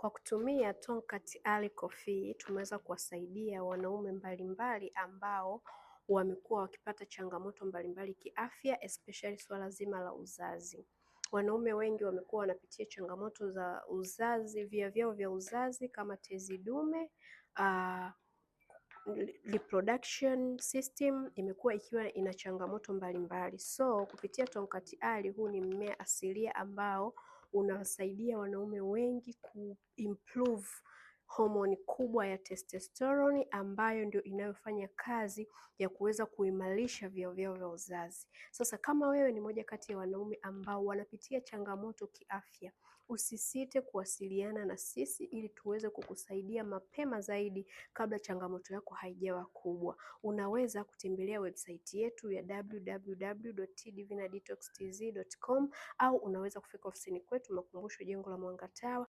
Kwa kutumia Tonkat Ali Coffee tumeweza kuwasaidia wanaume mbalimbali ambao wamekuwa wakipata changamoto mbalimbali kiafya especially swala zima la uzazi. Wanaume wengi wamekuwa wanapitia changamoto za uzazi, via vyao vya uzazi kama tezi dume uh, reproduction system imekuwa ikiwa ina changamoto mbalimbali. So kupitia Tonkat Ali, huu ni mmea asilia ambao unawasaidia wanaume wengi improve homoni kubwa ya testosterone ambayo ndio inayofanya kazi ya kuweza kuimarisha vyao vyao vya uzazi. Sasa kama wewe ni moja kati ya wanaume ambao wanapitia changamoto kiafya, usisite kuwasiliana na sisi ili tuweze kukusaidia mapema zaidi kabla changamoto yako haijawa kubwa. Unaweza kutembelea website yetu ya www.tdvinadetoxtz.com au unaweza kufika ofisini kwetu Makumbusho, jengo la Mwangatawa.